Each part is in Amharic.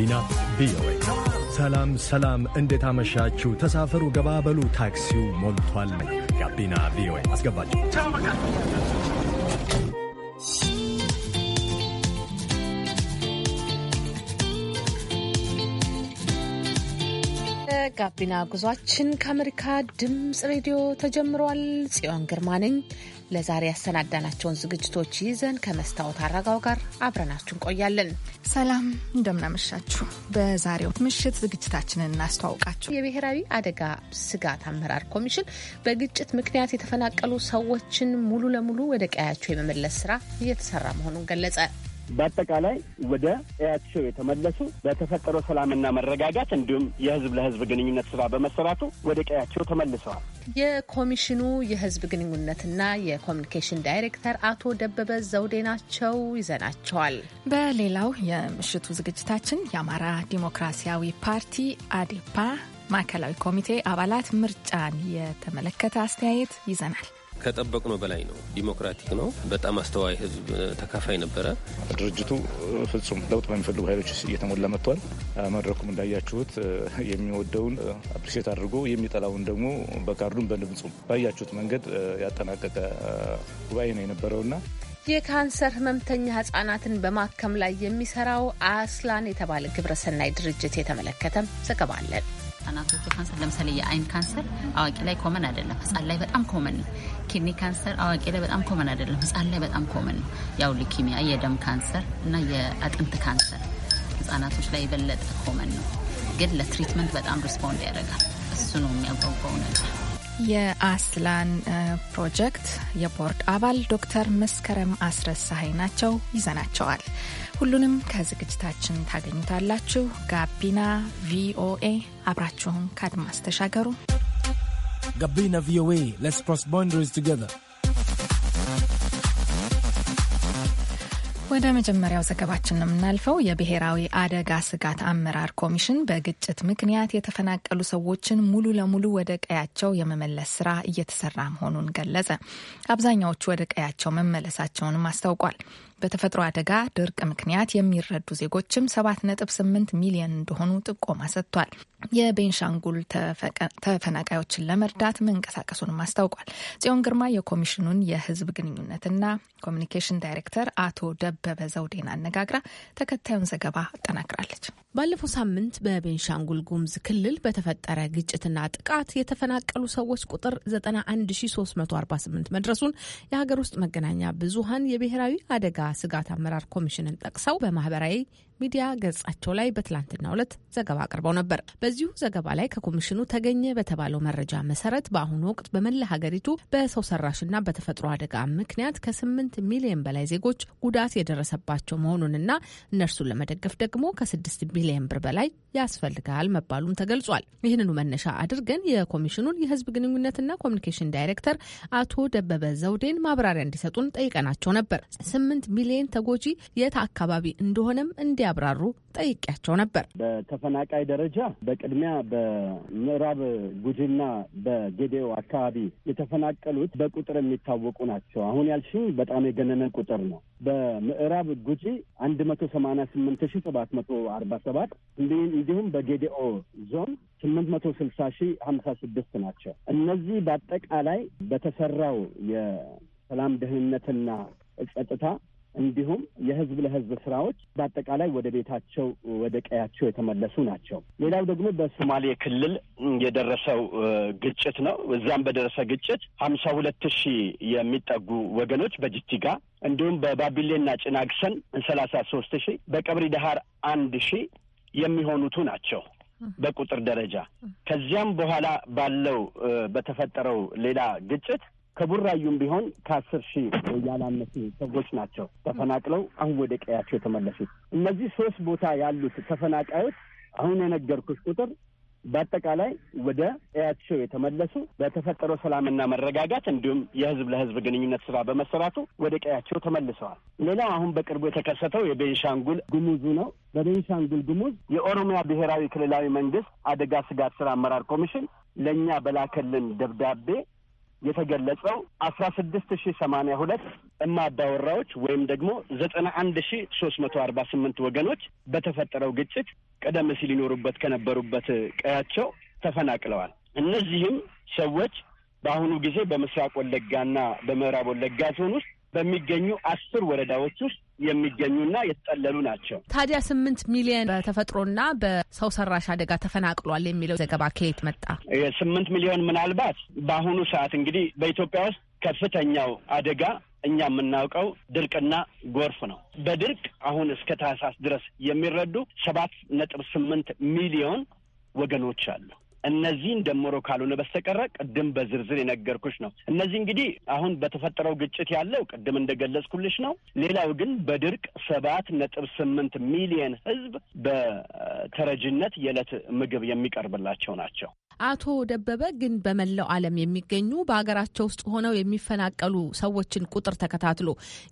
ጋቢና ቪኦኤ። ሰላም ሰላም፣ እንዴት አመሻችሁ? ተሳፈሩ፣ ገባበሉ፣ ታክሲው ሞልቷል። ጋቢና ቪኦኤ አስገባችሁ። ጋቢና ጉዟችን ከአሜሪካ ድምፅ ሬዲዮ ተጀምሯል። ጽዮን ግርማ ነኝ። ለዛሬ ያሰናዳናቸውን ዝግጅቶች ይዘን ከመስታወት አረጋው ጋር አብረናችሁ እንቆያለን። ሰላም እንደምናመሻችሁ። በዛሬው ምሽት ዝግጅታችንን እናስተዋውቃችሁ። የብሔራዊ አደጋ ስጋት አመራር ኮሚሽን በግጭት ምክንያት የተፈናቀሉ ሰዎችን ሙሉ ለሙሉ ወደ ቀያቸው የመመለስ ስራ እየተሰራ መሆኑን ገለጸ። በአጠቃላይ ወደ ቀያቸው የተመለሱ በተፈጠረው ሰላምና መረጋጋት እንዲሁም የህዝብ ለህዝብ ግንኙነት ስራ በመሰራቱ ወደ ቀያቸው ተመልሰዋል። የኮሚሽኑ የህዝብ ግንኙነትና የኮሚኒኬሽን ዳይሬክተር አቶ ደበበ ዘውዴ ናቸው። ይዘናቸዋል። በሌላው የምሽቱ ዝግጅታችን የአማራ ዲሞክራሲያዊ ፓርቲ አዴፓ ማዕከላዊ ኮሚቴ አባላት ምርጫን የተመለከተ አስተያየት ይዘናል። ከጠበቅነው በላይ ነው። ዲሞክራቲክ ነው። በጣም አስተዋይ ህዝብ ተካፋይ ነበረ። ድርጅቱ ፍጹም ለውጥ በሚፈልጉ ኃይሎች እየተሞላ መጥቷል። መድረኩም እንዳያችሁት የሚወደውን አፕሪሴት አድርጎ የሚጠላውን ደግሞ በካርዱን በድምፁም ባያችሁት መንገድ ያጠናቀቀ ጉባኤ ነው የነበረውና የካንሰር ህመምተኛ ህጻናትን በማከም ላይ የሚሰራው አስላን የተባለ ግብረሰናይ ድርጅት የተመለከተም ዘገባ አለን። ህጻናቶቹ ካንሰር ለምሳሌ የአይን ካንሰር አዋቂ ላይ ኮመን አይደለም፣ ህጻን ላይ በጣም ኮመን ነው። ኪድኒ ካንሰር አዋቂ ላይ በጣም ኮመን አይደለም፣ ህጻን ላይ በጣም ኮመን ነው። ያው ሊኪሚያ፣ የደም ካንሰር እና የአጥንት ካንሰር ህጻናቶች ላይ የበለጠ ኮመን ነው፣ ግን ለትሪትመንት በጣም ሪስፖንድ ያደርጋል። እሱ ነው የሚያጓጓው ነገር። የአስላን ፕሮጀክት የቦርድ አባል ዶክተር መስከረም አስረሳሀይ ናቸው። ይዘናቸዋል። ሁሉንም ከዝግጅታችን ታገኙታላችሁ። ጋቢና ቪኦኤ አብራችሁን ከአድማስ ተሻገሩ። ጋቢና ቪኦኤ ስ ፕሮስ ቦንደሪስ ቱገር ወደ መጀመሪያው ዘገባችን ነው የምናልፈው። የብሔራዊ አደጋ ስጋት አመራር ኮሚሽን በግጭት ምክንያት የተፈናቀሉ ሰዎችን ሙሉ ለሙሉ ወደ ቀያቸው የመመለስ ስራ እየተሰራ መሆኑን ገለጸ። አብዛኛዎቹ ወደ ቀያቸው መመለሳቸውንም አስታውቋል። በተፈጥሮ አደጋ ድርቅ ምክንያት የሚረዱ ዜጎችም 7.8 ሚሊዮን እንደሆኑ ጥቆማ ሰጥቷል። የቤንሻንጉል ተፈናቃዮችን ለመርዳት መንቀሳቀሱንም አስታውቋል። ጽዮን ግርማ የኮሚሽኑን የህዝብ ግንኙነትና ኮሚኒኬሽን ዳይሬክተር አቶ ደበበ ዘውዴን አነጋግራ ተከታዩን ዘገባ አጠናክራለች ባለፈው ሳምንት በቤንሻንጉል ጉሙዝ ክልል በተፈጠረ ግጭትና ጥቃት የተፈናቀሉ ሰዎች ቁጥር 91348 መድረሱን የሀገር ውስጥ መገናኛ ብዙሃን የብሔራዊ አደጋ ስጋት አመራር ኮሚሽንን ጠቅሰው በማህበራዊ ሚዲያ ገጻቸው ላይ በትላንትናው ዕለት ዘገባ አቅርበው ነበር። በዚሁ ዘገባ ላይ ከኮሚሽኑ ተገኘ በተባለው መረጃ መሰረት በአሁኑ ወቅት በመላ ሀገሪቱ በሰው ሰራሽና በተፈጥሮ አደጋ ምክንያት ከስምንት ሚሊዮን በላይ ዜጎች ጉዳት የደረሰባቸው መሆኑንና እነርሱን ለመደገፍ ደግሞ ከስድስት ቢሊዮን ብር በላይ ያስፈልጋል መባሉም ተገልጿል። ይህንኑ መነሻ አድርገን የኮሚሽኑን የህዝብ ግንኙነትና ኮሚኒኬሽን ዳይሬክተር አቶ ደበበ ዘውዴን ማብራሪያ እንዲሰጡን ጠይቀናቸው ነበር። ስምንት ሚሊዮን ተጎጂ የት አካባቢ እንደሆነም እንዲያ እንዲያብራሩ ጠይቄያቸው ነበር። በተፈናቃይ ደረጃ በቅድሚያ በምዕራብ ጉጂና በጌዴኦ አካባቢ የተፈናቀሉት በቁጥር የሚታወቁ ናቸው። አሁን ያልሽኝ በጣም የገነነ ቁጥር ነው። በምዕራብ ጉጂ አንድ መቶ ሰማንያ ስምንት ሺ ሰባት መቶ አርባ ሰባት እንዲሁም በጌዴኦ ዞን ስምንት መቶ ስልሳ ሺ ሀምሳ ስድስት ናቸው። እነዚህ በአጠቃላይ በተሰራው የሰላም ደህንነትና ጸጥታ እንዲሁም የህዝብ ለህዝብ ስራዎች በአጠቃላይ ወደ ቤታቸው ወደ ቀያቸው የተመለሱ ናቸው። ሌላው ደግሞ በሶማሌ ክልል የደረሰው ግጭት ነው። እዛም በደረሰ ግጭት ሀምሳ ሁለት ሺህ የሚጠጉ ወገኖች በጅቲጋ እንዲሁም በባቢሌና ጭናግሰን ሰላሳ ሶስት ሺህ በቀብሪ ዳሀር አንድ ሺህ የሚሆኑቱ ናቸው በቁጥር ደረጃ ከዚያም በኋላ ባለው በተፈጠረው ሌላ ግጭት ከቡራዩም ቢሆን ከአስር ሺህ ያላነሱ ሰዎች ናቸው ተፈናቅለው አሁን ወደ ቀያቸው የተመለሱት። እነዚህ ሶስት ቦታ ያሉት ተፈናቃዮች አሁን የነገርኩት ቁጥር በአጠቃላይ ወደ ቀያቸው የተመለሱ በተፈጠረው ሰላምና መረጋጋት እንዲሁም የህዝብ ለህዝብ ግንኙነት ስራ በመሰራቱ ወደ ቀያቸው ተመልሰዋል። ሌላው አሁን በቅርቡ የተከሰተው የቤንሻንጉል ጉሙዙ ነው። በቤንሻንጉል ጉሙዝ የኦሮሚያ ብሔራዊ ክልላዊ መንግስት አደጋ ስጋት ስራ አመራር ኮሚሽን ለእኛ በላከልን ደብዳቤ የተገለጸው አስራ ስድስት ሺ ሰማንያ ሁለት እማዳወራዎች ወይም ደግሞ ዘጠና አንድ ሺ ሶስት መቶ አርባ ስምንት ወገኖች በተፈጠረው ግጭት ቀደም ሲል ይኖሩበት ከነበሩበት ቀያቸው ተፈናቅለዋል። እነዚህም ሰዎች በአሁኑ ጊዜ በምስራቅ ወለጋና በምዕራብ ወለጋ ዞን ውስጥ በሚገኙ አስር ወረዳዎች ውስጥ የሚገኙና የተጠለሉ ናቸው። ታዲያ ስምንት ሚሊዮን በተፈጥሮና በሰው ሰራሽ አደጋ ተፈናቅሏል የሚለው ዘገባ ከየት መጣ? ስምንት ሚሊዮን ምናልባት በአሁኑ ሰዓት እንግዲህ በኢትዮጵያ ውስጥ ከፍተኛው አደጋ እኛ የምናውቀው ድርቅና ጎርፍ ነው። በድርቅ አሁን እስከ ታህሳስ ድረስ የሚረዱ ሰባት ነጥብ ስምንት ሚሊዮን ወገኖች አሉ። እነዚህን ደምሮ ካልሆነ በስተቀረ ቅድም በዝርዝር የነገርኩሽ ነው። እነዚህ እንግዲህ አሁን በተፈጠረው ግጭት ያለው ቅድም እንደገለጽኩልሽ ነው። ሌላው ግን በድርቅ ሰባት ነጥብ ስምንት ሚሊየን ህዝብ በተረጅነት የዕለት ምግብ የሚቀርብላቸው ናቸው። አቶ ደበበ ግን በመላው ዓለም የሚገኙ በሀገራቸው ውስጥ ሆነው የሚፈናቀሉ ሰዎችን ቁጥር ተከታትሎ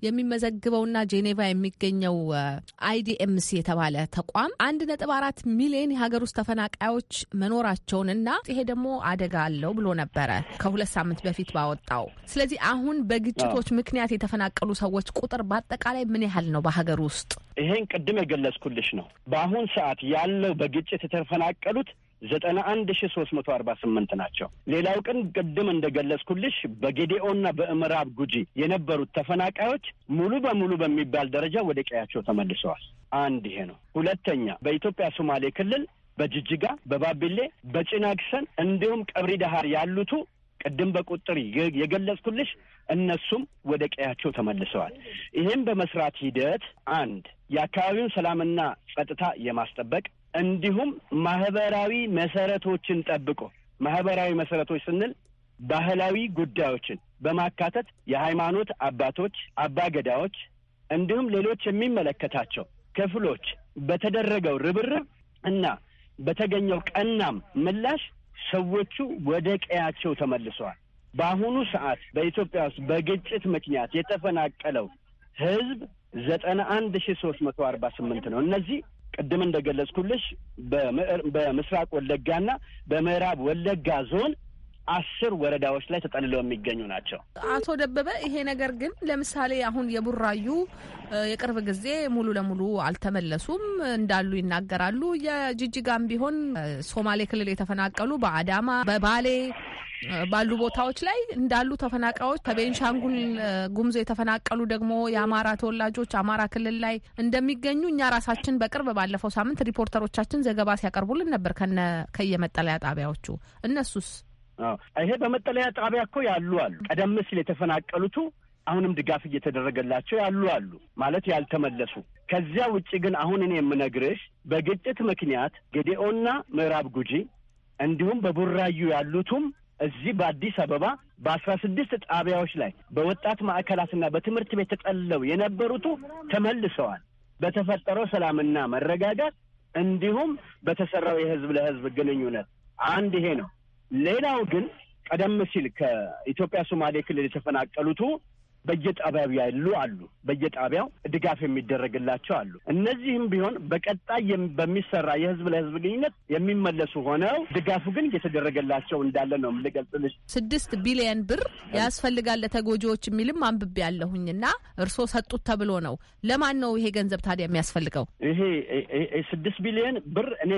የሚመዘግበውና ጄኔቫ የሚገኘው አይዲኤምሲ የተባለ ተቋም አንድ ነጥብ አራት ሚሊዮን የሀገር ውስጥ ተፈናቃዮች መኖራቸውን እና ይሄ ደግሞ አደጋ አለው ብሎ ነበረ ከሁለት ሳምንት በፊት ባወጣው። ስለዚህ አሁን በግጭቶች ምክንያት የተፈናቀሉ ሰዎች ቁጥር በአጠቃላይ ምን ያህል ነው በሀገር ውስጥ? ይሄን ቅድም የገለጽኩልሽ ነው። በአሁን ሰዓት ያለው በግጭት የተፈናቀሉት ዘጠና አንድ ሺ ሶስት መቶ አርባ ስምንት ናቸው። ሌላው ቀን ቅድም እንደገለጽኩልሽ በጌዴኦና በምዕራብ ጉጂ የነበሩት ተፈናቃዮች ሙሉ በሙሉ በሚባል ደረጃ ወደ ቀያቸው ተመልሰዋል። አንድ ይሄ ነው። ሁለተኛ በኢትዮጵያ ሶማሌ ክልል በጅጅጋ፣ በባቢሌ፣ በጭናክሰን እንዲሁም ቀብሪ ዳሃር ያሉቱ ቅድም በቁጥር የገለጽኩልሽ እነሱም ወደ ቀያቸው ተመልሰዋል። ይህም በመስራት ሂደት አንድ የአካባቢውን ሰላምና ጸጥታ የማስጠበቅ እንዲሁም ማህበራዊ መሰረቶችን ጠብቆ ማህበራዊ መሰረቶች ስንል ባህላዊ ጉዳዮችን በማካተት የሃይማኖት አባቶች፣ አባገዳዎች እንዲሁም ሌሎች የሚመለከታቸው ክፍሎች በተደረገው ርብርብ እና በተገኘው ቀናም ምላሽ ሰዎቹ ወደ ቀያቸው ተመልሰዋል። በአሁኑ ሰዓት በኢትዮጵያ ውስጥ በግጭት ምክንያት የተፈናቀለው ህዝብ ዘጠና አንድ ሺ ሶስት መቶ አርባ ስምንት ነው። እነዚህ ቅድም እንደገለጽኩልሽ በምስራቅ ወለጋና በምዕራብ ወለጋ ዞን አስር ወረዳዎች ላይ ተጠልለው የሚገኙ ናቸው። አቶ ደበበ፣ ይሄ ነገር ግን ለምሳሌ አሁን የቡራዩ የቅርብ ጊዜ ሙሉ ለሙሉ አልተመለሱም እንዳሉ ይናገራሉ። የጅጅጋም ቢሆን ሶማሌ ክልል የተፈናቀሉ በአዳማ በባሌ ባሉ ቦታዎች ላይ እንዳሉ ተፈናቃዮች ከቤንሻንጉል ጉምዞ የተፈናቀሉ ደግሞ የአማራ ተወላጆች አማራ ክልል ላይ እንደሚገኙ እኛ ራሳችን በቅርብ ባለፈው ሳምንት ሪፖርተሮቻችን ዘገባ ሲያቀርቡልን ነበር። ከነ ከየመጠለያ ጣቢያዎቹ እነሱስ ይሄ በመጠለያ ጣቢያ እኮ ያሉ አሉ። ቀደም ሲል የተፈናቀሉቱ አሁንም ድጋፍ እየተደረገላቸው ያሉ አሉ ማለት ያልተመለሱ። ከዚያ ውጭ ግን አሁን እኔ የምነግርሽ በግጭት ምክንያት ጌዴኦና ምዕራብ ጉጂ እንዲሁም በቡራዩ ያሉቱም እዚህ በአዲስ አበባ በአስራ ስድስት ጣቢያዎች ላይ በወጣት ማዕከላትና በትምህርት ቤት ተጠለው የነበሩቱ ተመልሰዋል። በተፈጠረው ሰላምና መረጋጋት እንዲሁም በተሰራው የህዝብ ለህዝብ ግንኙነት አንድ ይሄ ነው። ሌላው ግን ቀደም ሲል ከኢትዮጵያ ሶማሌ ክልል የተፈናቀሉቱ በየጣቢያው ያሉ አሉ። በየጣቢያው ድጋፍ የሚደረግላቸው አሉ። እነዚህም ቢሆን በቀጣይ በሚሰራ የህዝብ ለህዝብ ግንኙነት የሚመለሱ ሆነው ድጋፉ ግን እየተደረገላቸው እንዳለ ነው የምንገልጽልሽ። ስድስት ቢሊየን ብር ያስፈልጋል ለተጎጂዎች የሚልም አንብቤ ያለሁኝ እና እርስዎ ሰጡት ተብሎ ነው። ለማን ነው ይሄ ገንዘብ ታዲያ የሚያስፈልገው? ይሄ ስድስት ቢሊየን ብር እኔ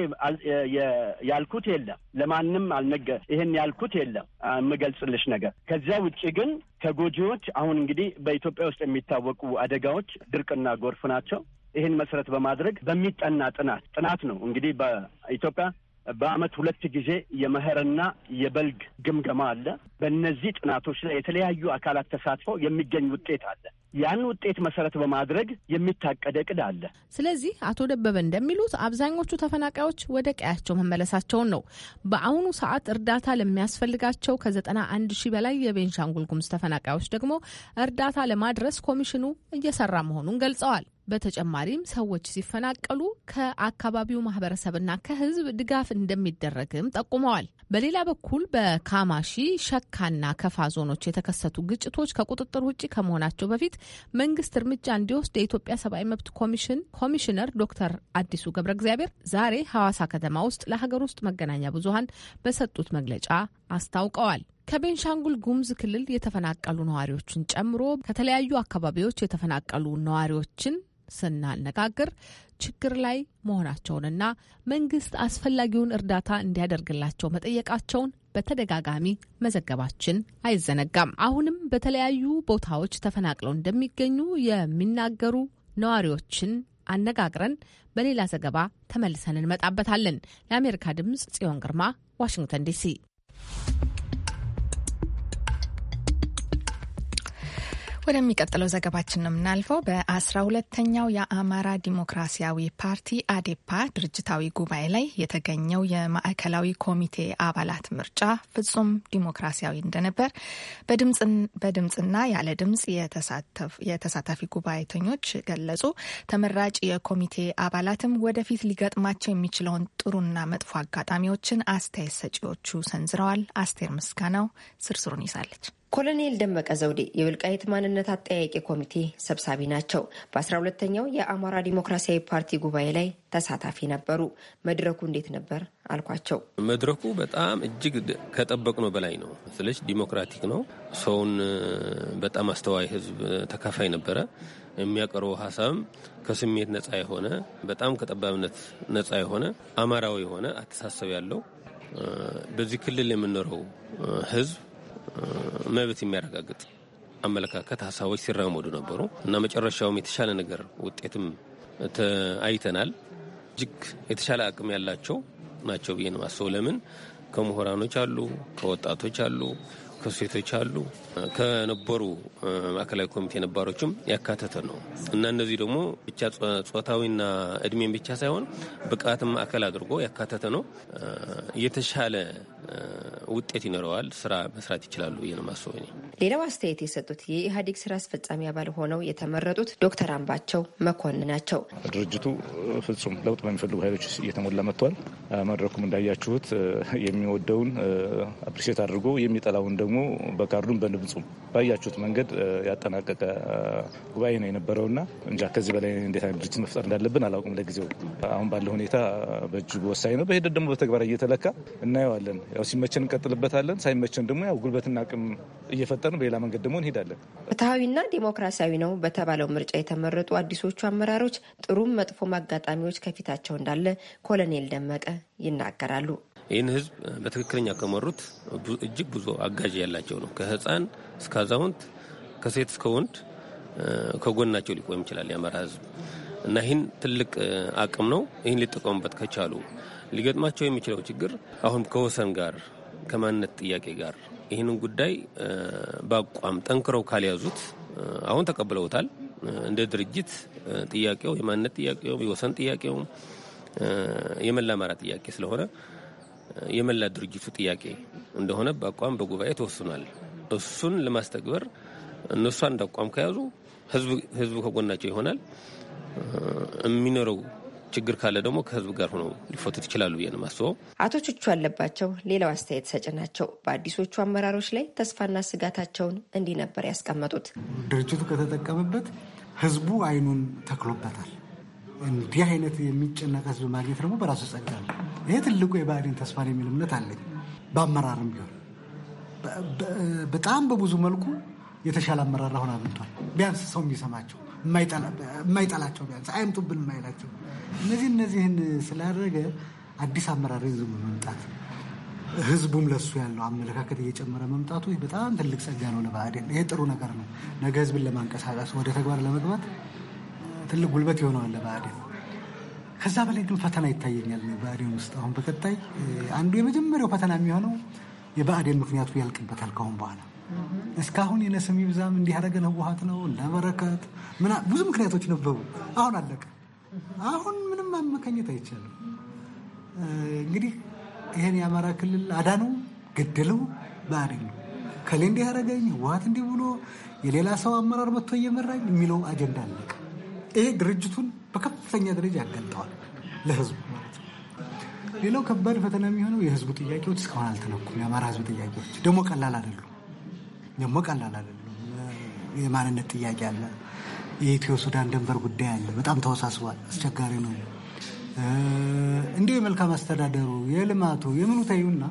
ያልኩት የለም፣ ለማንም አልነገ ይህን ያልኩት የለም የምገልጽልሽ ነገር ከዚያ ውጭ ግን ተጎጂዎች አሁን እንግዲህ በኢትዮጵያ ውስጥ የሚታወቁ አደጋዎች ድርቅና ጎርፍ ናቸው። ይህን መሰረት በማድረግ በሚጠና ጥናት ጥናት ነው እንግዲህ በኢትዮጵያ በአመት ሁለት ጊዜ የመኸርና የበልግ ግምገማ አለ። በእነዚህ ጥናቶች ላይ የተለያዩ አካላት ተሳትፈው የሚገኝ ውጤት አለ። ያን ውጤት መሰረት በማድረግ የሚታቀደ እቅድ አለ። ስለዚህ አቶ ደበበ እንደሚሉት አብዛኞቹ ተፈናቃዮች ወደ ቀያቸው መመለሳቸውን ነው። በአሁኑ ሰዓት እርዳታ ለሚያስፈልጋቸው ከዘጠና አንድ ሺህ በላይ የቤንሻንጉል ጉምዝ ተፈናቃዮች ደግሞ እርዳታ ለማድረስ ኮሚሽኑ እየሰራ መሆኑን ገልጸዋል። በተጨማሪም ሰዎች ሲፈናቀሉ ከአካባቢው ማህበረሰብና ከህዝብ ድጋፍ እንደሚደረግም ጠቁመዋል። በሌላ በኩል በካማሺ ሸካና ከፋ ዞኖች የተከሰቱ ግጭቶች ከቁጥጥር ውጭ ከመሆናቸው በፊት መንግስት እርምጃ እንዲወስድ የኢትዮጵያ ሰብአዊ መብት ኮሚሽን ኮሚሽነር ዶክተር አዲሱ ገብረ እግዚአብሔር ዛሬ ሐዋሳ ከተማ ውስጥ ለሀገር ውስጥ መገናኛ ብዙሀን በሰጡት መግለጫ አስታውቀዋል። ከቤንሻንጉል ጉሙዝ ክልል የተፈናቀሉ ነዋሪዎችን ጨምሮ ከተለያዩ አካባቢዎች የተፈናቀሉ ነዋሪዎችን ስናነጋግር ችግር ላይ መሆናቸውንና መንግስት አስፈላጊውን እርዳታ እንዲያደርግላቸው መጠየቃቸውን በተደጋጋሚ መዘገባችን አይዘነጋም። አሁንም በተለያዩ ቦታዎች ተፈናቅለው እንደሚገኙ የሚናገሩ ነዋሪዎችን አነጋግረን በሌላ ዘገባ ተመልሰን እንመጣበታለን። ለአሜሪካ ድምፅ ጽዮን ግርማ፣ ዋሽንግተን ዲሲ ወደሚቀጥለው ዘገባችን ነው የምናልፈው። በአስራ ሁለተኛው የአማራ ዲሞክራሲያዊ ፓርቲ አዴፓ ድርጅታዊ ጉባኤ ላይ የተገኘው የማዕከላዊ ኮሚቴ አባላት ምርጫ ፍጹም ዲሞክራሲያዊ እንደነበር በድምፅና ያለ ድምፅ የተሳታፊ ጉባኤተኞች ገለጹ። ተመራጭ የኮሚቴ አባላትም ወደፊት ሊገጥማቸው የሚችለውን ጥሩና መጥፎ አጋጣሚዎችን አስተያየት ሰጪዎቹ ሰንዝረዋል። አስቴር ምስጋናው ዝርዝሩን ይዛለች። ኮሎኔል ደመቀ ዘውዴ የወልቃይት ማንነት አጠያቂ ኮሚቴ ሰብሳቢ ናቸው። በአስራ ሁለተኛው የአማራ ዲሞክራሲያዊ ፓርቲ ጉባኤ ላይ ተሳታፊ ነበሩ። መድረኩ እንዴት ነበር አልኳቸው። መድረኩ በጣም እጅግ ከጠበቅነው በላይ ነው። ስለች ዲሞክራቲክ ነው። ሰውን በጣም አስተዋይ ህዝብ ተካፋይ ነበረ። የሚያቀርበው ሀሳብም ከስሜት ነጻ የሆነ በጣም ከጠባብነት ነጻ የሆነ አማራዊ የሆነ አተሳሰብ ያለው በዚህ ክልል የምኖረው ህዝብ መብት የሚያረጋግጥ አመለካከት፣ ሀሳቦች ሲራመዱ ነበሩ እና መጨረሻውም የተሻለ ነገር ውጤትም አይተናል። እጅግ የተሻለ አቅም ያላቸው ናቸው ብዬ ነው ማስበው። ለምን ከምሁራኖች አሉ፣ ከወጣቶች አሉ ክሴቶች አሉ ከነበሩ ማዕከላዊ ኮሚቴ ነባሮችም ያካተተ ነው እና እነዚህ ደግሞ ብቻ ጾታዊና እድሜን ብቻ ሳይሆን ብቃትም ማዕከል አድርጎ ያካተተ ነው። የተሻለ ውጤት ይኖረዋል፣ ስራ መስራት ይችላሉ ብዬ ነው ማስበው። ሌላው አስተያየት የሰጡት የኢህአዴግ ስራ አስፈጻሚ አባል ሆነው የተመረጡት ዶክተር አምባቸው መኮንን ናቸው። ድርጅቱ ፍጹም ለውጥ በሚፈልጉ ኃይሎች እየተሞላ መጥቷል። መድረኩም እንዳያችሁት የሚወደውን አፕሪሴት አድርጎ የሚጠላውን ደግሞ ደግሞ በካርዱም በልብጹም ባያችሁት መንገድ ያጠናቀቀ ጉባኤ ነው የነበረውና እንጃ ከዚህ በላይ እንዴት አይነት ድርጅት መፍጠር እንዳለብን አላውቅም። ለጊዜው አሁን ባለ ሁኔታ በእጅጉ ወሳኝ ነው። በሂደት ደግሞ በተግባር እየተለካ እናየዋለን። ያው ሲመቸን እንቀጥልበታለን፣ ሳይመቸን ደግሞ ያው ጉልበትና አቅም እየፈጠርን በሌላ መንገድ ደግሞ እንሄዳለን። ፍትሐዊና ዲሞክራሲያዊ ነው በተባለው ምርጫ የተመረጡ አዲሶቹ አመራሮች ጥሩም መጥፎም አጋጣሚዎች ከፊታቸው እንዳለ ኮሎኔል ደመቀ ይናገራሉ። ይህን ህዝብ በትክክለኛ ከመሩት እጅግ ብዙ አጋዥ ያላቸው ነው። ከህፃን እስከ አዛውንት፣ ከሴት እስከ ወንድ ከጎናቸው ሊቆም ይችላል የአማራ ህዝብ እና ይህን ትልቅ አቅም ነው። ይህን ሊጠቀሙበት ከቻሉ ሊገጥማቸው የሚችለው ችግር አሁን ከወሰን ጋር ከማንነት ጥያቄ ጋር ይህንን ጉዳይ በአቋም ጠንክረው ካልያዙት አሁን ተቀብለውታል። እንደ ድርጅት ጥያቄው የማንነት ጥያቄውም የወሰን ጥያቄውም የመላ አማራ ጥያቄ ስለሆነ የመላ ድርጅቱ ጥያቄ እንደሆነ በአቋም በጉባኤ ተወስኗል። እሱን ለማስተግበር እነሱ አንድ አቋም ከያዙ ህዝቡ ከጎናቸው ይሆናል። የሚኖረው ችግር ካለ ደግሞ ከህዝብ ጋር ሆነው ሊፈቱት ይችላሉ ብዬ ነው የማስበው። አቶ ቹቹ አለባቸው ሌላው አስተያየት ሰጭ ናቸው። በአዲሶቹ አመራሮች ላይ ተስፋና ስጋታቸውን እንዲህ ነበር ያስቀመጡት። ድርጅቱ ከተጠቀመበት ህዝቡ አይኑን ተክሎበታል። እንዲህ አይነት የሚጨነቅ ህዝብ ማግኘት ደግሞ በራሱ ጸጋ ነው። ይሄ ትልቁ የባህዴን ተስፋ የሚል እምነት አለኝ። በአመራርም ቢሆን በጣም በብዙ መልኩ የተሻለ አመራር አሁን አግኝቷል። ቢያንስ ሰው የሚሰማቸው የማይጠላቸው ቢያንስ አይምጡብን የማይላቸው እነዚህ እነዚህን ስላደረገ አዲስ አመራር ይዞ መምጣት ህዝቡም ለሱ ያለው አመለካከት እየጨመረ መምጣቱ በጣም ትልቅ ጸጋ ነው ለባህዴን። ይሄ ጥሩ ነገር ነው። ነገ ህዝብን ለማንቀሳቀስ ወደ ተግባር ለመግባት ትልቅ ጉልበት የሆነዋል ለብአዴን። ከዛ በላይ ግን ፈተና ይታየኛል ብአዴን ውስጥ አሁን በቀጣይ አንዱ የመጀመሪያው ፈተና የሚሆነው የብአዴን ምክንያቱ ያልቅበታል ከአሁን በኋላ እስካሁን የነስም ይብዛም እንዲህ ያደረገን ህወሀት ነው ለበረከት ብዙ ምክንያቶች ነበሩ። አሁን አለቀ። አሁን ምንም አመካኘት አይቻልም። እንግዲህ ይህን የአማራ ክልል አዳነው ገደለው ብአዴን ነው። ከሌ እንዲህ ያደረገኝ ህወሀት እንዲህ ብሎ የሌላ ሰው አመራር መጥቶ እየመራኝ የሚለው አጀንዳ አለቀ። ይሄ ድርጅቱን በከፍተኛ ደረጃ ያገልጠዋል ለህዝቡ ማለት ነው። ሌላው ከባድ ፈተና የሚሆነው የህዝቡ ጥያቄዎች እስካሁን አልተነኩም። የአማራ ህዝብ ጥያቄዎች ደግሞ ቀላል አይደሉም። ደግሞ ቀላል አይደሉም። የማንነት ጥያቄ አለ። የኢትዮ ሱዳን ድንበር ጉዳይ አለ። በጣም ተወሳስቧል። አስቸጋሪ ነው። እንዲሁ የመልካም አስተዳደሩ የልማቱ የምኑታዩና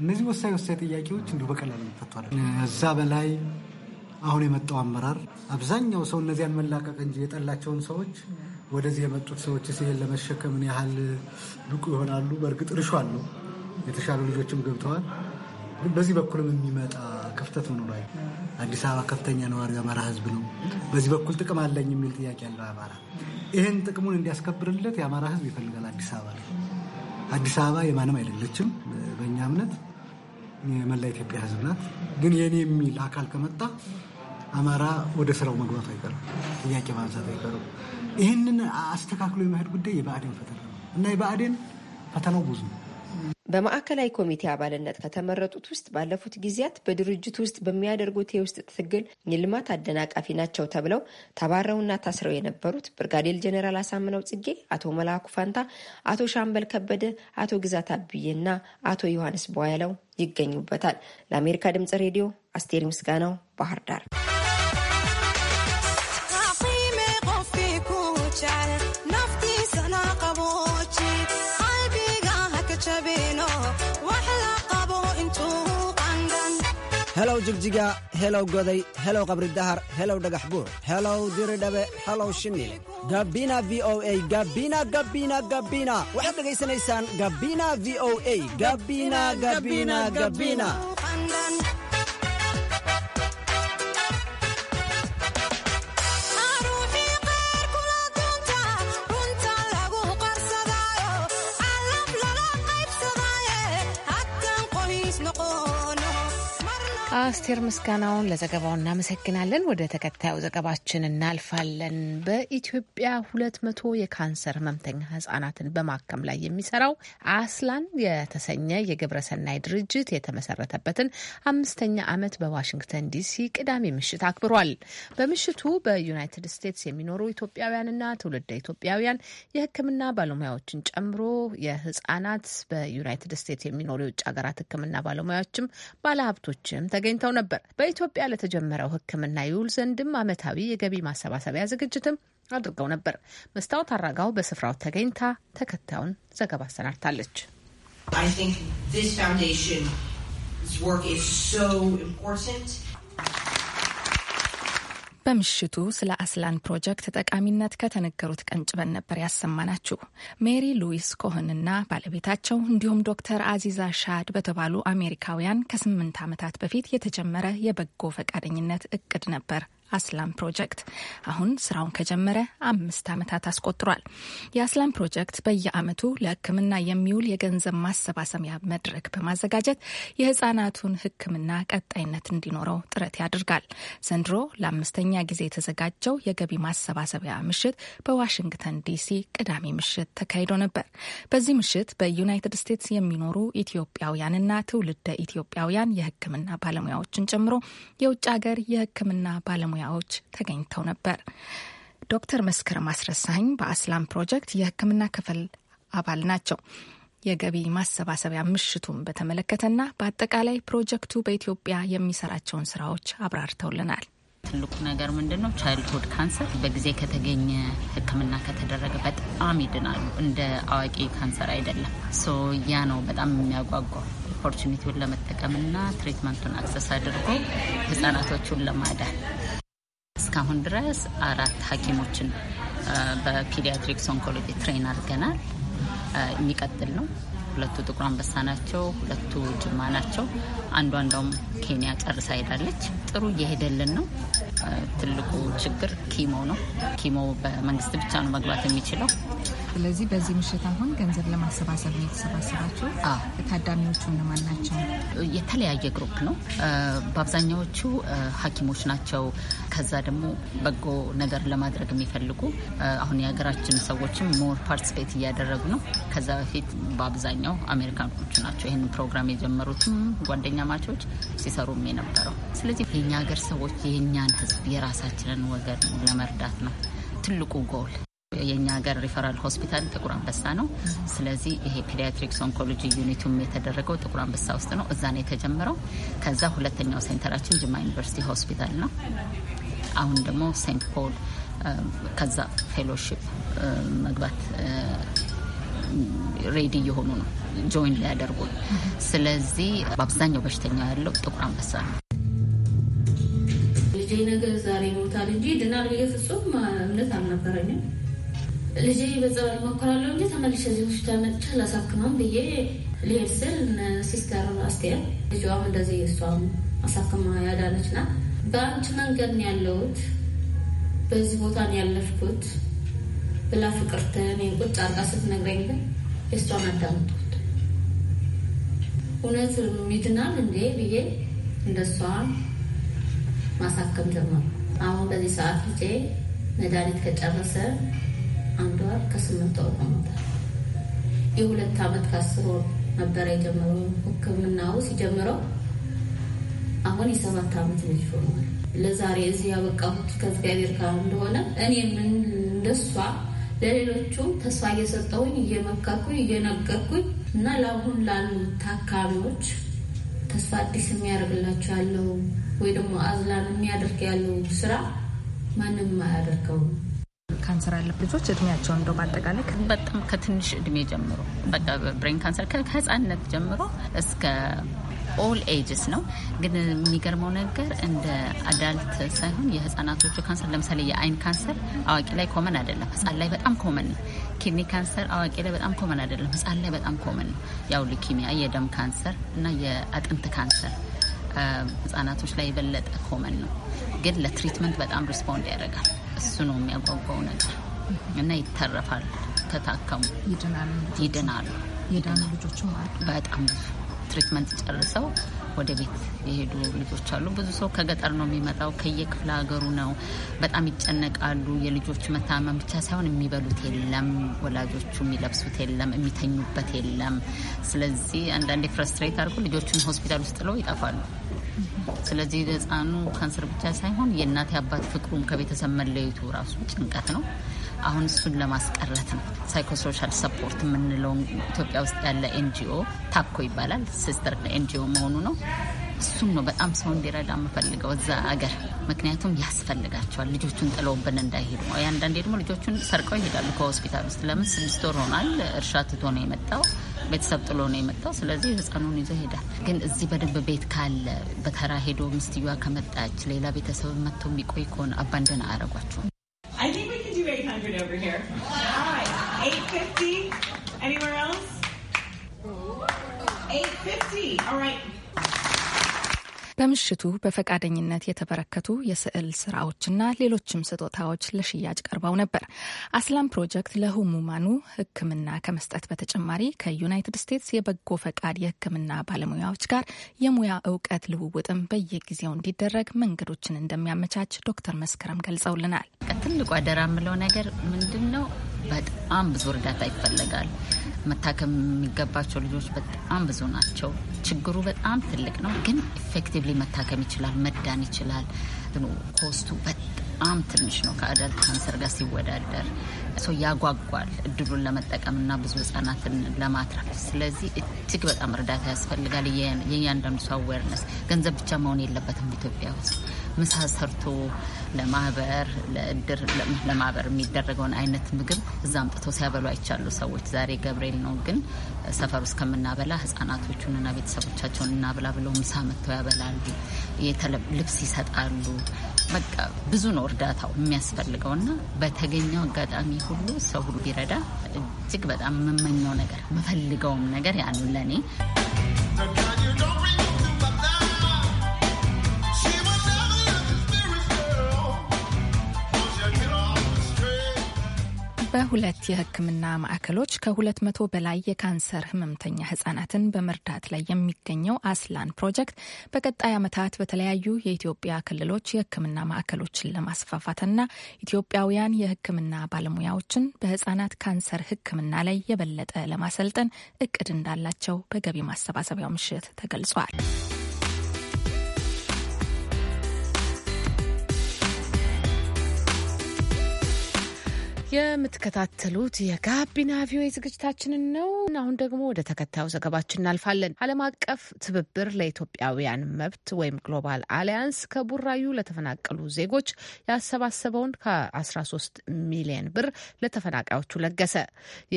እነዚህ ወሳኝ ወሳኝ ጥያቄዎች እንዲሁ በቀላል ይፈቷል። እዛ በላይ አሁን የመጣው አመራር አብዛኛው ሰው እነዚያን መላቀቅ እንጂ የጠላቸውን ሰዎች ወደዚህ የመጡት ሰዎች ይሄን ለመሸከምን ያህል ብቁ ይሆናሉ። በእርግጥ እርሾ አለው። የተሻሉ ልጆችም ገብተዋል። በዚህ በኩልም የሚመጣ ክፍተት ሆኖ አዲስ አበባ ከፍተኛ ነዋሪ የአማራ ህዝብ ነው። በዚህ በኩል ጥቅም አለኝ የሚል ጥያቄ ያለው አማራ ይህን ጥቅሙን እንዲያስከብርለት የአማራ ህዝብ ይፈልጋል። አዲስ አበባ ላይ አዲስ አበባ የማንም አይደለችም። በእኛ እምነት የመላ ኢትዮጵያ ህዝብ ናት። ግን የኔ የሚል አካል ከመጣ አማራ ወደ ስራው መግባቱ አይቀርም፣ ጥያቄ ማንሳት አይቀርም። ይህንን አስተካክሎ የመሄድ ጉዳይ የብአዴን ፈተና ነው እና የብአዴን ፈተናው ብዙ ነው። በማዕከላዊ ኮሚቴ አባልነት ከተመረጡት ውስጥ ባለፉት ጊዜያት በድርጅት ውስጥ በሚያደርጉት የውስጥ ትግል የልማት አደናቃፊ ናቸው ተብለው ተባረውና ታስረው የነበሩት ብርጋዴር ጀኔራል አሳምነው ጽጌ፣ አቶ መላኩ ፋንታ፣ አቶ ሻምበል ከበደ፣ አቶ ግዛት አብዬና አቶ ዮሐንስ ቧያለው ይገኙበታል። ለአሜሪካ ድምጽ ሬዲዮ አስቴር ምስጋናው ባህር ዳር። helow jigjiga helow goday helow qabri dahar helow dhagax buur helow diridhabe helow shimiil gabina v o a gabina gabina gabina waxaad dhegaysanaysaan gabina v o a gabina gabina gabina አስቴር ምስጋናውን ለዘገባው እናመሰግናለን። ወደ ተከታዩ ዘገባችን እናልፋለን። በኢትዮጵያ ሁለት መቶ የካንሰር ህመምተኛ ህጻናትን በማከም ላይ የሚሰራው አስላን የተሰኘ የግብረሰናይ ድርጅት የተመሰረተበትን አምስተኛ ዓመት በዋሽንግተን ዲሲ ቅዳሜ ምሽት አክብሯል። በምሽቱ በዩናይትድ ስቴትስ የሚኖሩ ኢትዮጵያውያንና ትውልደ ኢትዮጵያውያን የህክምና ባለሙያዎችን ጨምሮ የህጻናት በዩናይትድ ስቴትስ የሚኖሩ የውጭ ሀገራት ህክምና ባለሙያዎችም ባለሀብቶችም ተገኝተው ነበር። በኢትዮጵያ ለተጀመረው ሕክምና ይውል ዘንድም ዓመታዊ የገቢ ማሰባሰቢያ ዝግጅትም አድርገው ነበር። መስታወት አራጋው በስፍራው ተገኝታ ተከታዩን ዘገባ አሰናድታለች። I think this foundation's work is so important. በምሽቱ ስለ አስላን ፕሮጀክት ጠቃሚነት ከተነገሩት ቀንጭበን ነበር ያሰማናችሁ። ሜሪ ሉዊስ ኮህንና ባለቤታቸው እንዲሁም ዶክተር አዚዛ ሻድ በተባሉ አሜሪካውያን ከስምንት ዓመታት በፊት የተጀመረ የበጎ ፈቃደኝነት እቅድ ነበር አስላም ፕሮጀክት አሁን ስራውን ከጀመረ አምስት ዓመታት አስቆጥሯል። የአስላም ፕሮጀክት በየዓመቱ ለሕክምና የሚውል የገንዘብ ማሰባሰቢያ መድረክ በማዘጋጀት የህጻናቱን ሕክምና ቀጣይነት እንዲኖረው ጥረት ያደርጋል። ዘንድሮ ለአምስተኛ ጊዜ የተዘጋጀው የገቢ ማሰባሰቢያ ምሽት በዋሽንግተን ዲሲ ቅዳሜ ምሽት ተካሂዶ ነበር። በዚህ ምሽት በዩናይትድ ስቴትስ የሚኖሩ ኢትዮጵያውያንና ትውልደ ኢትዮጵያውያን የሕክምና ባለሙያዎችን ጨምሮ የውጭ ሀገር የሕክምና ባለሙያ ባለሙያዎች ተገኝተው ነበር። ዶክተር መስከረም አስረሳኝ በአስላም ፕሮጀክት የሕክምና ክፍል አባል ናቸው። የገቢ ማሰባሰቢያ ምሽቱን በተመለከተና በአጠቃላይ ፕሮጀክቱ በኢትዮጵያ የሚሰራቸውን ስራዎች አብራርተውልናል። ትልቁ ነገር ምንድን ነው? ቻይልድሁድ ካንሰር በጊዜ ከተገኘ ህክምና ከተደረገ በጣም ይድናሉ። እንደ አዋቂ ካንሰር አይደለም። ሶ ያ ነው በጣም የሚያጓጓው። ኦፖርቹኒቲውን ለመጠቀምና ትሪትመንቱን አክሰስ አድርጎ ህጻናቶቹን ለማዳን እስካሁን ድረስ አራት ሐኪሞችን በፒዲያትሪክስ ኦንኮሎጂ ትሬን አድርገናል። የሚቀጥል ነው። ሁለቱ ጥቁር አንበሳ ናቸው። ሁለቱ ጅማ ናቸው። አንዷ እንዳውም ኬንያ ጨርሳ ሄዳለች። ጥሩ እየሄደልን ነው። ትልቁ ችግር ኪሞ ነው። ኪሞ በመንግስት ብቻ ነው መግባት የሚችለው። ስለዚህ በዚህ ምሽት አሁን ገንዘብ ለማሰባሰብ ነው የተሰባሰባቸው። ታዳሚዎቹ እነማን ናቸው? የተለያየ ግሩፕ ነው። በአብዛኛዎቹ ሐኪሞች ናቸው። ከዛ ደግሞ በጎ ነገር ለማድረግ የሚፈልጉ አሁን የሀገራችን ሰዎችም ሞር ፓርቲስፔት እያደረጉ ነው። ከዛ በፊት በአብዛኛው አሜሪካኖቹ ናቸው ይህን ፕሮግራም የጀመሩትም ጓደኛ ማቾች ሲሰሩም የነበረው። ስለዚህ የኛ ሀገር ሰዎች የእኛን ህዝብ የራሳችንን ወገን ለመርዳት ነው ትልቁ ጎል የእኛ ሀገር ሪፈራል ሆስፒታል ጥቁር አንበሳ ነው። ስለዚህ ይሄ ፒዲያትሪክስ ኦንኮሎጂ ዩኒቱም የተደረገው ጥቁር አንበሳ ውስጥ ነው። እዛ ነው የተጀመረው። ከዛ ሁለተኛው ሴንተራችን ጅማ ዩኒቨርሲቲ ሆስፒታል ነው። አሁን ደግሞ ሴንት ፖል ከዛ ፌሎሺፕ መግባት ሬዲ እየሆኑ ነው ጆይን ሊያደርጉ። ስለዚህ በአብዛኛው በሽተኛ ያለው ጥቁር አንበሳ ነው። ልጄ ነገር ዛሬ ይሞታል እንጂ ድናል ብዬ ፍጹም እምነት አልነበረኝም። ልጄ በጸበል እሞክራለሁ እንጂ ተመልሼ እዚህ ሆስፒታል መጥቼ አላሳክመም ብዬ ልሄድ ስል ሲስተር አስቴር ልጇም እንደዚህ እሷም አሳክማ ያዳነች ና በአንቺ መንገድ ነው ያለሁት፣ በዚህ ቦታ ነው ያለፍኩት ብላ ፍቅርት እኔን ቁጭ አርጋ ስትነግረኝ ግን የእሷን አዳምጥኩት። እውነት ሚድናል እንዴ ብዬ እንደሷ ማሳከም ጀመሩ። አሁን በዚህ ሰዓት ልጄ መድኃኒት ከጨረሰ አንድ ወር ከስምንት ወር ሆኖታል። የሁለት ዓመት ከአስር ወር ነበረ የጀመረው ሕክምናው ሲጀምረው አሁን የሰባት ዓመት ልጅ ሆኗል። ለዛሬ እዚህ ያበቃሁት ከእግዚአብሔር ጋር እንደሆነ እኔ ምን እንደሷ ለሌሎቹም ተስፋ እየሰጠሁኝ እየመከርኩኝ እየነገርኩኝ እና ለአሁን ላሉ ታካሚዎች ተስፋ አዲስ የሚያደርግላቸው ያለው ወይ ደግሞ አዝላን የሚያደርግ ያለው ስራ ማንም አያደርገውም። ካንሰር ያለ ልጆች እድሜያቸው እንደው በአጠቃላይ በጣም ከትንሽ እድሜ ጀምሮ በቃ ብሬን ካንሰር ከህፃንነት ጀምሮ እስከ ኦል ኤጅስ ነው። ግን የሚገርመው ነገር እንደ አዳልት ሳይሆን የህፃናቶቹ ካንሰር ለምሳሌ የአይን ካንሰር አዋቂ ላይ ኮመን አይደለም፣ ህፃን ላይ በጣም ኮመን ነው። ኪድኒ ካንሰር አዋቂ ላይ በጣም ኮመን አይደለም፣ ህፃን ላይ በጣም ኮመን ነው። ያው ሊኪሚያ፣ የደም ካንሰር እና የአጥንት ካንሰር ህጻናቶች ላይ የበለጠ ኮመን ነው። ግን ለትሪትመንት በጣም ሪስፖንድ ያደርጋል። እሱ ነው የሚያጓጓው ነገር እና ይተረፋል። ተታከሙ፣ ይድናሉ። የዳኑ ልጆችም በጣም ብዙ ትሪትመንት ጨርሰው ወደ ቤት የሄዱ ልጆች አሉ። ብዙ ሰው ከገጠር ነው የሚመጣው፣ ከየክፍለ ሀገሩ ነው። በጣም ይጨነቃሉ። የልጆቹ መታመም ብቻ ሳይሆን የሚበሉት የለም፣ ወላጆቹ የሚለብሱት የለም፣ የሚተኙበት የለም። ስለዚህ አንዳንዴ ፍረስትሬት አድርጎ ልጆቹን ሆስፒታል ውስጥ ጥለው ይጠፋሉ። ስለዚህ ህፃኑ ካንሰር ብቻ ሳይሆን የእናት አባት ፍቅሩን ከቤተሰብ መለዩቱ ራሱ ጭንቀት ነው። አሁን እሱን ለማስቀረት ነው ሳይኮሶሻል ሰፖርት የምንለውን ኢትዮጵያ ውስጥ ያለ ኤንጂኦ ታኮ ይባላል። ሲስተር ኤንጂኦ መሆኑ ነው። እሱም ነው በጣም ሰው እንዲረዳ የምፈልገው እዛ አገር። ምክንያቱም ያስፈልጋቸዋል ልጆቹን ጥለውብን እንዳይሄዱ ነው። አንዳንዴ ደግሞ ልጆቹን ሰርቀው ይሄዳሉ ከሆስፒታል ውስጥ። ለምን ስድስት ወር ሆኗል እርሻ ትቶ ነው የመጣው ቤተሰብ ጥሎ ነው የመጣው። ስለዚህ ህፃኑን ይዞ ይሄዳል። ግን እዚህ በደንብ ቤት ካለ በተራ ሄዶ ሚስትየዋ ከመጣች ሌላ ቤተሰብ መጥቶ የሚቆይ ከሆነ አባንደን አያረጓቸው። All right. በምሽቱ በፈቃደኝነት የተበረከቱ የስዕል ስራዎችና ሌሎችም ስጦታዎች ለሽያጭ ቀርበው ነበር። አስላም ፕሮጀክት ለህሙማኑ ሕክምና ከመስጠት በተጨማሪ ከዩናይትድ ስቴትስ የበጎ ፈቃድ የሕክምና ባለሙያዎች ጋር የሙያ እውቀት ልውውጥም በየጊዜው እንዲደረግ መንገዶችን እንደሚያመቻች ዶክተር መስከረም ገልጸውልናል። ትልቁ አደራ የምለው ነገር ምንድን ነው? በጣም ብዙ እርዳታ ይፈለጋል። መታከም የሚገባቸው ልጆች በጣም ብዙ ናቸው። ችግሩ በጣም ትልቅ ነው፣ ግን ኢፌክቲቭሊ መታከም ይችላል፣ መዳን ይችላል። ኮስቱ በጣም ትንሽ ነው ከአዳልት ካንሰር ጋር ሲወዳደር። ሰው ያጓጓል እድሉን ለመጠቀም እና ብዙ ህጻናትን ለማትረፍ። ስለዚህ እጅግ በጣም እርዳታ ያስፈልጋል። የእያንዳንዱ ሰው አዌርነስ ገንዘብ ብቻ መሆን የለበትም ኢትዮጵያ ውስጥ ምሳ ሰርቶ ለማህበር ለእድር ለማህበር የሚደረገውን አይነት ምግብ እዛ አምጥቶ ሲያበሉ አይቻሉ ሰዎች። ዛሬ ገብርኤል ነው፣ ግን ሰፈር ውስጥ ከምናበላ ህጻናቶቹንና ቤተሰቦቻቸውን እናብላ ብለው ምሳ መጥተው ያበላሉ። ልብስ ይሰጣሉ። በቃ ብዙ ነው እርዳታው የሚያስፈልገው እና በተገኘው አጋጣሚ ሁሉ ሰው ሁሉ ቢረዳ እጅግ በጣም የምመኘው ነገር የምፈልገውም ነገር ያኑ ለእኔ በሁለት የሕክምና ማዕከሎች ከሁለት መቶ በላይ የካንሰር ህመምተኛ ህጻናትን በመርዳት ላይ የሚገኘው አስላን ፕሮጀክት በቀጣይ ዓመታት በተለያዩ የኢትዮጵያ ክልሎች የሕክምና ማዕከሎችን ለማስፋፋትና ኢትዮጵያውያን የሕክምና ባለሙያዎችን በህጻናት ካንሰር ሕክምና ላይ የበለጠ ለማሰልጠን እቅድ እንዳላቸው በገቢ ማሰባሰቢያው ምሽት ተገልጿል። የምትከታተሉት የጋቢና ቪኦኤ ዝግጅታችንን ነው። አሁን ደግሞ ወደ ተከታዩ ዘገባችን እናልፋለን። ዓለም አቀፍ ትብብር ለኢትዮጵያውያን መብት ወይም ግሎባል አሊያንስ ከቡራዩ ለተፈናቀሉ ዜጎች ያሰባሰበውን ከ13 ሚሊዮን ብር ለተፈናቃዮቹ ለገሰ።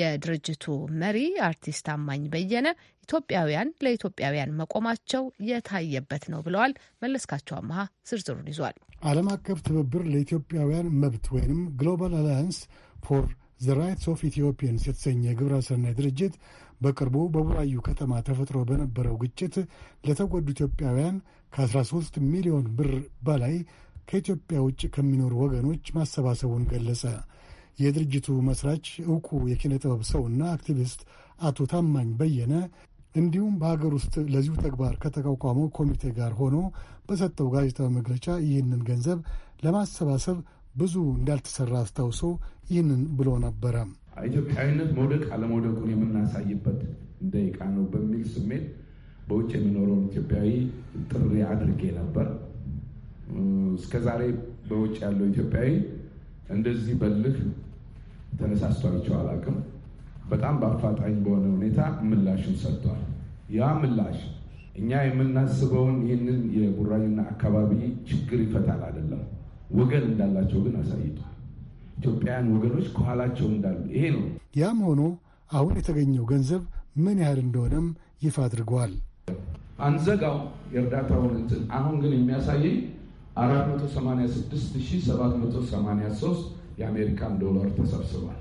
የድርጅቱ መሪ አርቲስት አማኝ በየነ ኢትዮጵያውያን ለኢትዮጵያውያን መቆማቸው የታየበት ነው ብለዋል። መለስካቸው አመሃ ዝርዝሩን ይዟል። ዓለም አቀፍ ትብብር ለኢትዮጵያውያን መብት ወይም ግሎባል አላያንስ ፎር ዘ ራይትስ ኦፍ ኢትዮጵያንስ የተሰኘ ግብረሰናይ ድርጅት በቅርቡ በቡራዩ ከተማ ተፈጥሮ በነበረው ግጭት ለተጎዱ ኢትዮጵያውያን ከ13 ሚሊዮን ብር በላይ ከኢትዮጵያ ውጭ ከሚኖሩ ወገኖች ማሰባሰቡን ገለጸ። የድርጅቱ መስራች እውቁ የኪነ ጥበብ ሰውና አክቲቪስት አቶ ታማኝ በየነ እንዲሁም በሀገር ውስጥ ለዚሁ ተግባር ከተቋቋመው ኮሚቴ ጋር ሆኖ በሰጠው ጋዜጣዊ መግለጫ ይህንን ገንዘብ ለማሰባሰብ ብዙ እንዳልተሰራ አስታውሶ ይህንን ብሎ ነበረ። ኢትዮጵያዊነት መውደቅ አለመውደቁን የምናሳይበት ደቂቃ ነው በሚል ስሜት በውጭ የሚኖረውን ኢትዮጵያዊ ጥሪ አድርጌ ነበር። እስከዛሬ በውጭ ያለው ኢትዮጵያዊ እንደዚህ በልህ ተነሳስቷቸው አላውቅም። በጣም በአፋጣኝ በሆነ ሁኔታ ምላሽን ሰጥቷል። ያ ምላሽ እኛ የምናስበውን ይህንን የቡራዩና አካባቢ ችግር ይፈታል አይደለም፣ ወገን እንዳላቸው ግን አሳይቷል። ኢትዮጵያውያን ወገኖች ከኋላቸው እንዳሉ ይሄ ነው። ያም ሆኖ አሁን የተገኘው ገንዘብ ምን ያህል እንደሆነም ይፋ አድርገዋል። አንዘጋው የእርዳታውን እንትን አሁን ግን የሚያሳየኝ 486783 የአሜሪካን ዶላር ተሰብስቧል።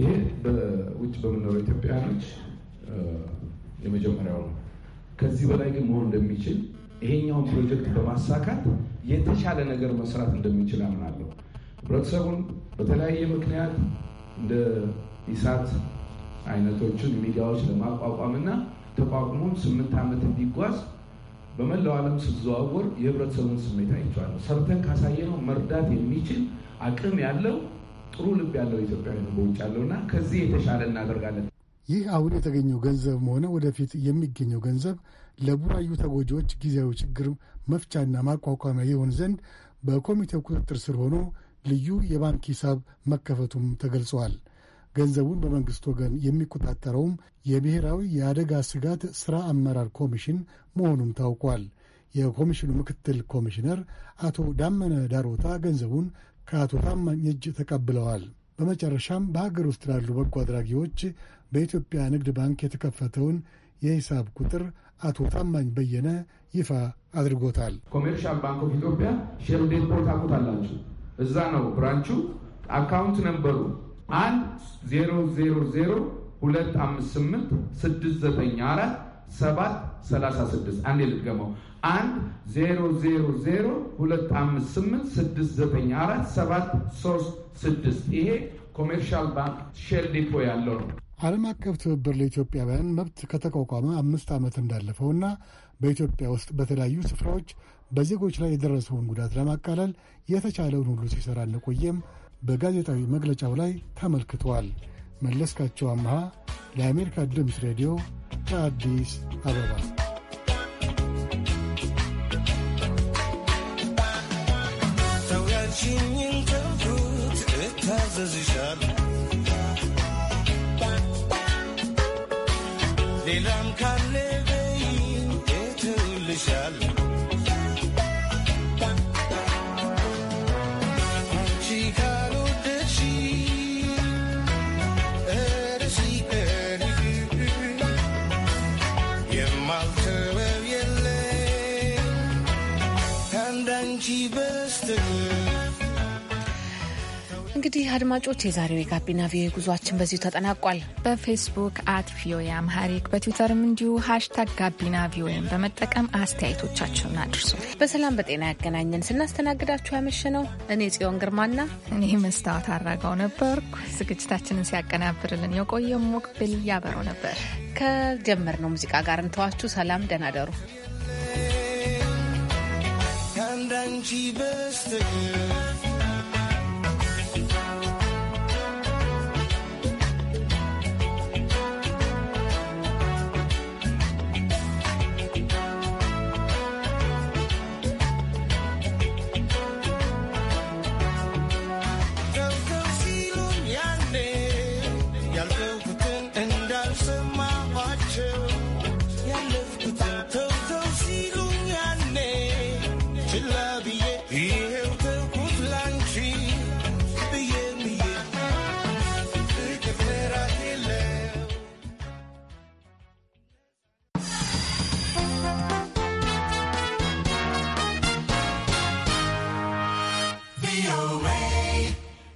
ይሄ በውጭ በምኖሩ ኢትዮጵያውያኖች የመጀመሪያው ነው። ከዚህ በላይ ግን መሆን እንደሚችል ይሄኛውን ፕሮጀክት በማሳካት የተሻለ ነገር መስራት እንደሚችል አምናለሁ። ህብረተሰቡን በተለያየ ምክንያት እንደ ኢሳት አይነቶችን ሚዲያዎች ለማቋቋምና ተቋቁሞም ስምንት ዓመት እንዲጓዝ በመላው ዓለም ስዘዋወር የህብረተሰቡን ስሜት አይቼዋለሁ። ሰርተን ካሳየነው መርዳት የሚችል አቅም ያለው ጥሩ ልብ ያለው ኢትዮጵያዊ ነው በውጭ ያለው እና ከዚህ የተሻለ እናደርጋለን። ይህ አሁን የተገኘው ገንዘብም ሆነ ወደፊት የሚገኘው ገንዘብ ለቡራዩ ተጎጂዎች ጊዜያዊ ችግር መፍቻና ማቋቋሚያ ይሆን ዘንድ በኮሚቴው ቁጥጥር ስር ሆኖ ልዩ የባንክ ሂሳብ መከፈቱም ተገልጸዋል። ገንዘቡን በመንግሥት ወገን የሚቆጣጠረውም የብሔራዊ የአደጋ ስጋት ሥራ አመራር ኮሚሽን መሆኑም ታውቋል። የኮሚሽኑ ምክትል ኮሚሽነር አቶ ዳመነ ዳሮታ ገንዘቡን ከአቶ ታማኝ እጅ ተቀብለዋል። በመጨረሻም በሀገር ውስጥ ላሉ በጎ አድራጊዎች በኢትዮጵያ ንግድ ባንክ የተከፈተውን የሂሳብ ቁጥር አቶ ታማኝ በየነ ይፋ አድርጎታል። ኮሜርሻል ባንክ ኦፍ ኢትዮጵያ ሼር ዴፖ እዛ ነው ብራንቹ። አካውንት ነበሩ አንድ ዜሮ ዜሮ ዜሮ ሁለት አምስት ስምንት ስድስት ዘጠኝ አራት ሰባት ሰላሳ ስድስት አንድ ልድገመው አንድ ዜሮ ዜሮ ዜሮ ሁለት አምስት ስምንት ስድስት ዘጠኝ አራት ሰባት ሶስት ስድስት ይሄ ኮሜርሻል ባንክ ሼል ዲፖ ያለው ነው። ዓለም አቀፍ ትብብር ለኢትዮጵያውያን መብት ከተቋቋመ አምስት ዓመት እንዳለፈው እና በኢትዮጵያ ውስጥ በተለያዩ ስፍራዎች በዜጎች ላይ የደረሰውን ጉዳት ለማቃለል የተቻለውን ሁሉ ሲሰራ እንደቆየም በጋዜጣዊ መግለጫው ላይ ተመልክቷል። መለስካቸው አምሃ ለአሜሪካ ድምፅ ሬዲዮ Addis this ሌላም ካለ እንግዲህ አድማጮች የዛሬው የጋቢና ቪኦኤ ጉዟችን በዚሁ ተጠናቋል። በፌስቡክ አት ቪኦኤ አምሃሪክ በትዊተርም እንዲሁ ሀሽታግ ጋቢና ቪኦኤን በመጠቀም አስተያየቶቻችሁን አድርሱ። በሰላም በጤና ያገናኘን። ስናስተናግዳችሁ ነው እኔ ጽዮን ግርማና እኔ መስታወት አራጋው ነበርኩ። ዝግጅታችንን ሲያቀናብርልን የቆየ ሞቅብል ያበረው ነበር። ከጀመርነው ሙዚቃ ጋር እንተዋችሁ። ሰላም ደናደሩ And